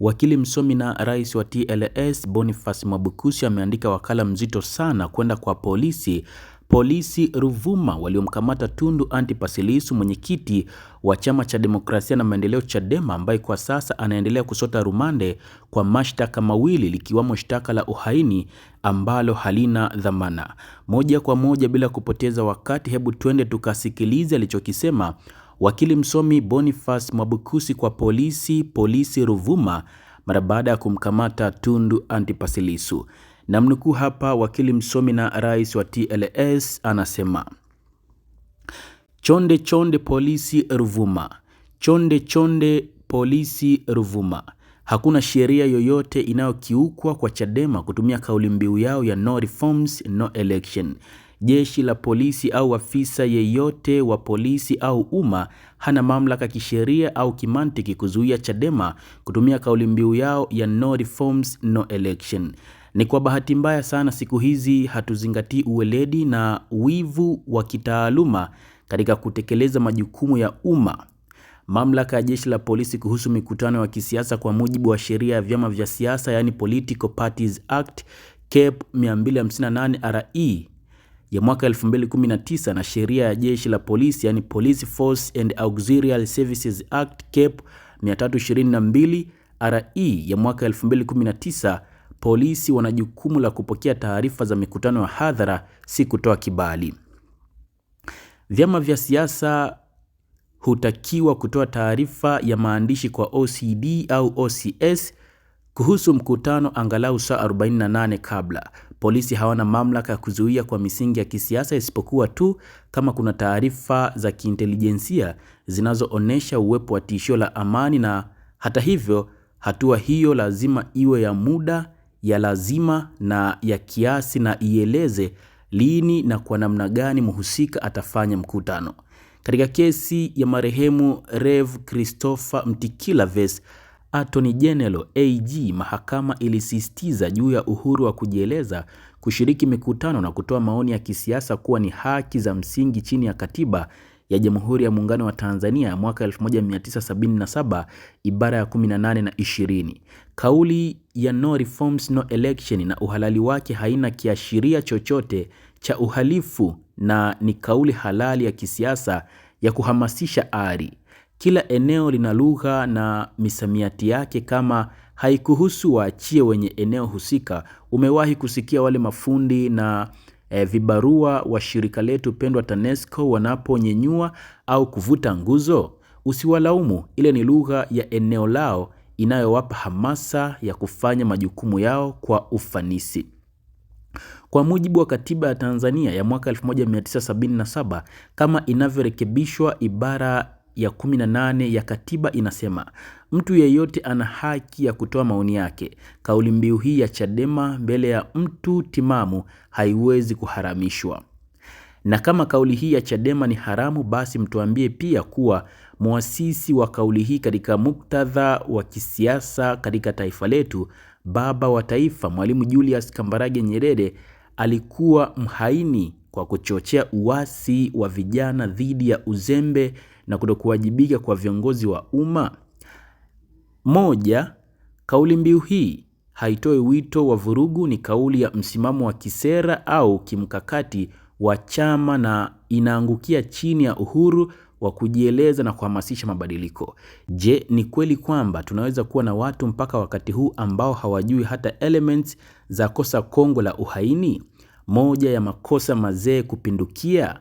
Wakili msomi na rais wa TLS Boniface Mwabukusi ameandika wakala mzito sana kwenda kwa polisi polisi Ruvuma waliomkamata Tundu Antipas Lissu, mwenyekiti wa chama cha demokrasia na maendeleo Chadema, ambaye kwa sasa anaendelea kusota rumande kwa mashtaka mawili likiwamo shtaka la uhaini ambalo halina dhamana. Moja kwa moja bila kupoteza wakati, hebu twende tukasikilize alichokisema wakili msomi Boniface Mwabukusi kwa polisi polisi Ruvuma mara baada ya kumkamata Tundu Antipas Lissu. Namnukuu hapa wakili msomi na rais wa TLS anasema, chonde chonde polisi Ruvuma, chonde chonde polisi Ruvuma. Hakuna sheria yoyote inayokiukwa kwa Chadema kutumia kauli mbiu yao ya no reforms no election. Jeshi la polisi au afisa yeyote wa polisi au umma hana mamlaka kisheria au kimantiki kuzuia Chadema kutumia kauli mbiu yao ya no reforms no election. Ni kwa bahati mbaya sana, siku hizi hatuzingatii uweledi na wivu wa kitaaluma katika kutekeleza majukumu ya umma. Mamlaka ya jeshi la polisi kuhusu mikutano ya kisiasa kwa mujibu wa sheria ya vyama vya siasa, yani Political Parties Act KEP 258 RE ya mwaka 2019 na sheria ya jeshi la polisi yani Police Force and Auxiliary Services Act Cap 322 RE ya mwaka 2019, polisi wana jukumu la kupokea taarifa za mikutano ya hadhara, si kutoa kibali. Vyama vya siasa hutakiwa kutoa taarifa ya maandishi kwa OCD au OCS kuhusu mkutano angalau saa 48 kabla, polisi hawana mamlaka ya kuzuia kwa misingi ya kisiasa isipokuwa tu kama kuna taarifa za kiintelijensia zinazoonyesha uwepo wa tishio la amani, na hata hivyo, hatua hiyo lazima iwe ya muda, ya lazima na ya kiasi, na ieleze lini na kwa namna gani mhusika atafanya mkutano. Katika kesi ya marehemu Rev Christopher Mtikila Ves Attorney General AG, mahakama ilisisitiza juu ya uhuru wa kujieleza, kushiriki mikutano na kutoa maoni ya kisiasa kuwa ni haki za msingi chini ya Katiba ya Jamhuri ya Muungano wa Tanzania ya mwaka 1977 ibara ya 18 na 20. Kauli ya no reforms no election na uhalali wake haina kiashiria chochote cha uhalifu na ni kauli halali ya kisiasa ya kuhamasisha ari. Kila eneo lina lugha na misamiati yake. Kama haikuhusu waachie wenye eneo husika. Umewahi kusikia wale mafundi na eh, vibarua wa shirika letu pendwa TANESCO wanaponyenyua au kuvuta nguzo? Usiwalaumu, ile ni lugha ya eneo lao inayowapa hamasa ya kufanya majukumu yao kwa ufanisi. Kwa mujibu wa Katiba ya Tanzania ya mwaka 1977 kama inavyorekebishwa ibara ya 18 ya katiba inasema mtu yeyote ana haki ya kutoa maoni yake. Kauli mbiu hii ya Chadema mbele ya mtu timamu haiwezi kuharamishwa. Na kama kauli hii ya Chadema ni haramu, basi mtuambie pia kuwa mwasisi wa kauli hii katika muktadha wa kisiasa katika taifa letu, baba wa taifa Mwalimu Julius Kambarage Nyerere alikuwa mhaini kwa kuchochea uasi wa vijana dhidi ya uzembe na kutokuwajibika kwa viongozi wa umma? Moja, kauli mbiu hii haitoi wito wa vurugu, ni kauli ya msimamo wa kisera au kimkakati wa chama na inaangukia chini ya uhuru wa kujieleza na kuhamasisha mabadiliko. Je, ni kweli kwamba tunaweza kuwa na watu mpaka wakati huu ambao hawajui hata elements za kosa kongwe la uhaini, moja ya makosa mazee kupindukia?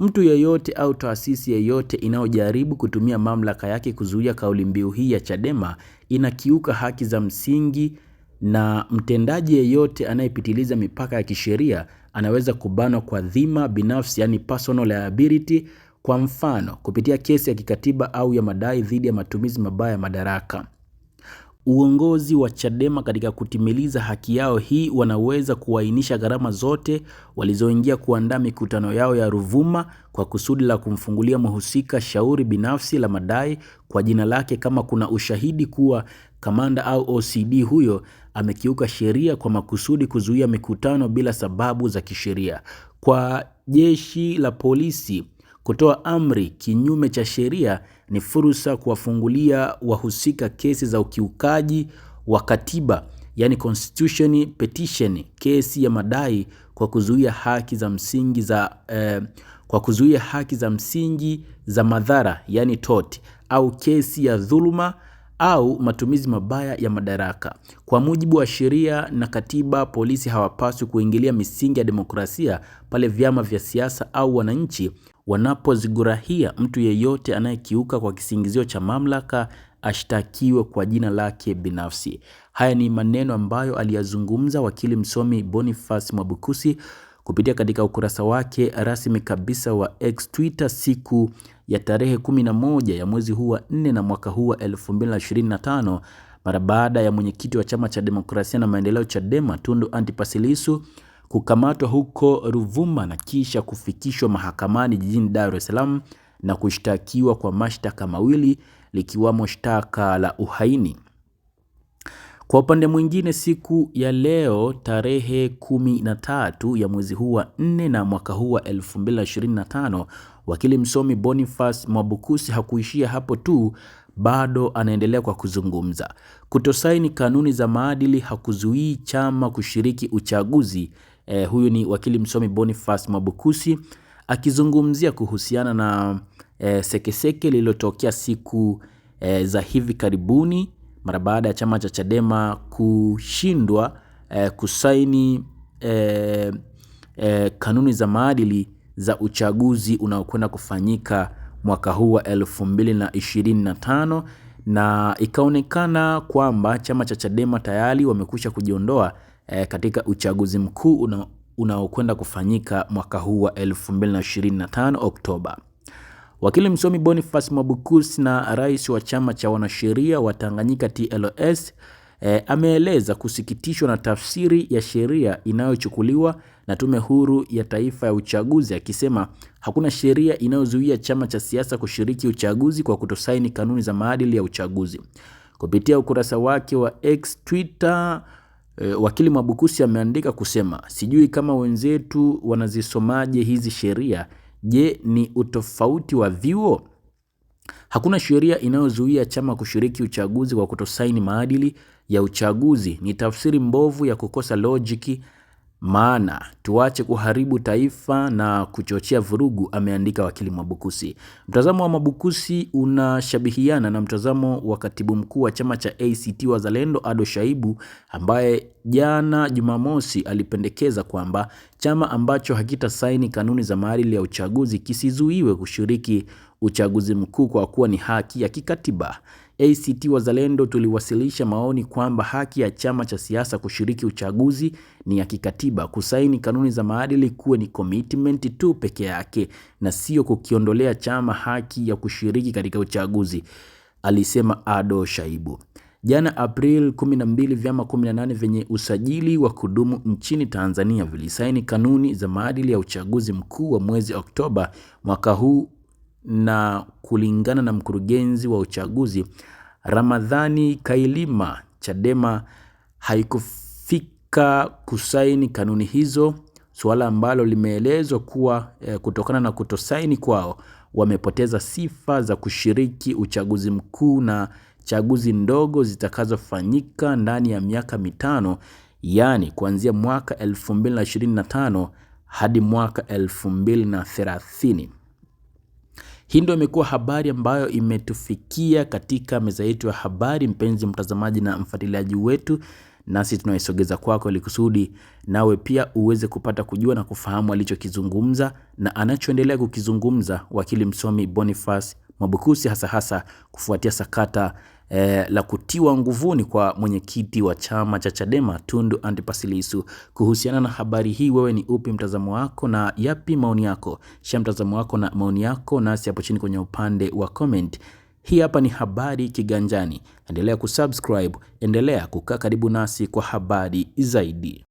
Mtu yeyote au taasisi yeyote inayojaribu kutumia mamlaka yake kuzuia kauli mbiu hii ya Chadema inakiuka haki za msingi na mtendaji yeyote anayepitiliza mipaka ya kisheria anaweza kubanwa kwa dhima binafsi, yani personal liability. Kwa mfano, kupitia kesi ya kikatiba au ya madai dhidi ya matumizi mabaya ya madaraka. Uongozi wa Chadema katika kutimiliza haki yao hii wanaweza kuainisha gharama zote walizoingia kuandaa mikutano yao ya Ruvuma kwa kusudi la kumfungulia mhusika shauri binafsi la madai kwa jina lake kama kuna ushahidi kuwa kamanda au OCD huyo amekiuka sheria kwa makusudi kuzuia mikutano bila sababu za kisheria. Kwa jeshi la polisi Kutoa amri kinyume cha sheria ni fursa kuwafungulia wahusika kesi za ukiukaji wa katiba, yani constitution petition, kesi ya madai kwa kuzuia haki za msingi za eh, kwa kuzuia haki za msingi za madhara yani tort, au kesi ya dhuluma au matumizi mabaya ya madaraka. Kwa mujibu wa sheria na katiba, polisi hawapaswi kuingilia misingi ya demokrasia pale vyama vya siasa au wananchi wanapozigurahia mtu yeyote anayekiuka kwa kisingizio cha mamlaka ashtakiwe kwa jina lake binafsi. Haya ni maneno ambayo aliyazungumza wakili msomi Boniface Mwabukusi kupitia katika ukurasa wake rasmi kabisa wa X Twitter siku ya tarehe 11 ya mwezi huu wa 4 na mwaka huu wa 2025 mara baada ya mwenyekiti wa chama cha demokrasia na maendeleo Chadema Tundu Antipas Lissu kukamatwa huko Ruvuma na kisha kufikishwa mahakamani jijini Dar es Salaam na kushtakiwa kwa mashtaka mawili likiwamo shtaka la uhaini. Kwa upande mwingine, siku ya leo tarehe kumi na tatu ya mwezi huu wa nne na mwaka huu wa 2025, wakili msomi Boniface Mwabukusi hakuishia hapo tu, bado anaendelea kwa kuzungumza. Kutosaini kanuni za maadili hakuzuii chama kushiriki uchaguzi. Eh, huyu ni wakili msomi Boniface Mwabukusi akizungumzia kuhusiana na eh, sekeseke lililotokea siku eh, za hivi karibuni mara baada ya chama cha Chadema kushindwa eh, kusaini eh, eh, kanuni za maadili za uchaguzi unaokwenda kufanyika mwaka huu wa 2025 na ikaonekana kwamba chama cha Chadema tayari wamekwisha kujiondoa eh, katika uchaguzi mkuu unaokwenda kufanyika mwaka huu wa 2025 Oktoba. Wakili msomi Boniface Mwabukusi na rais wa chama cha wanasheria wa Tanganyika TLS e, eh, ameeleza kusikitishwa na tafsiri ya sheria inayochukuliwa na Tume Huru ya Taifa ya Uchaguzi akisema hakuna sheria inayozuia chama cha siasa kushiriki uchaguzi kwa kutosaini kanuni za maadili ya uchaguzi. Kupitia ukurasa wake wa X Twitter e, wakili Mwabukusi ameandika kusema, sijui kama wenzetu wanazisomaje hizi sheria Je, ni utofauti wa vyuo? Hakuna sheria inayozuia chama kushiriki uchaguzi kwa kutosaini maadili ya uchaguzi. Ni tafsiri mbovu ya kukosa lojiki maana tuache kuharibu taifa na kuchochea vurugu, ameandika wakili Mwabukusi. Mtazamo wa Mwabukusi unashabihiana na mtazamo wa katibu mkuu wa chama cha ACT Wazalendo Ado Shaibu, ambaye jana Jumamosi alipendekeza kwamba chama ambacho hakita saini kanuni za maadili ya uchaguzi kisizuiwe kushiriki uchaguzi mkuu kwa kuwa ni haki ya kikatiba. ACT Wazalendo tuliwasilisha maoni kwamba haki ya chama cha siasa kushiriki uchaguzi ni ya kikatiba. Kusaini kanuni za maadili kuwe ni commitment tu peke yake na sio kukiondolea chama haki ya kushiriki katika uchaguzi, alisema Ado Shaibu. Jana April 12, vyama 18 vyenye usajili wa kudumu nchini Tanzania vilisaini kanuni za maadili ya uchaguzi mkuu wa mwezi Oktoba mwaka huu na kulingana na mkurugenzi wa uchaguzi Ramadhani Kailima, Chadema haikufika kusaini kanuni hizo, suala ambalo limeelezwa kuwa e, kutokana na kutosaini kwao wamepoteza sifa za kushiriki uchaguzi mkuu na chaguzi ndogo zitakazofanyika ndani ya miaka mitano, yaani kuanzia mwaka 2025 hadi mwaka 2030. Hii ndio imekuwa habari ambayo imetufikia katika meza yetu ya habari, mpenzi mtazamaji na mfuatiliaji wetu, nasi tunaisogeza kwako ili kusudi nawe pia uweze kupata kujua na kufahamu alichokizungumza na anachoendelea kukizungumza wakili msomi Boniface Mwabukusi, hasa hasa kufuatia sakata e, la kutiwa nguvuni kwa mwenyekiti wa chama cha Chadema Tundu Antipas Lissu. Kuhusiana na habari hii, wewe ni upi mtazamo wako na yapi maoni yako? Shia mtazamo wako na maoni yako nasi hapo chini kwenye upande wa comment. Hii hapa ni Habari Kiganjani. Endelea kusubscribe, endelea kukaa karibu nasi kwa habari zaidi.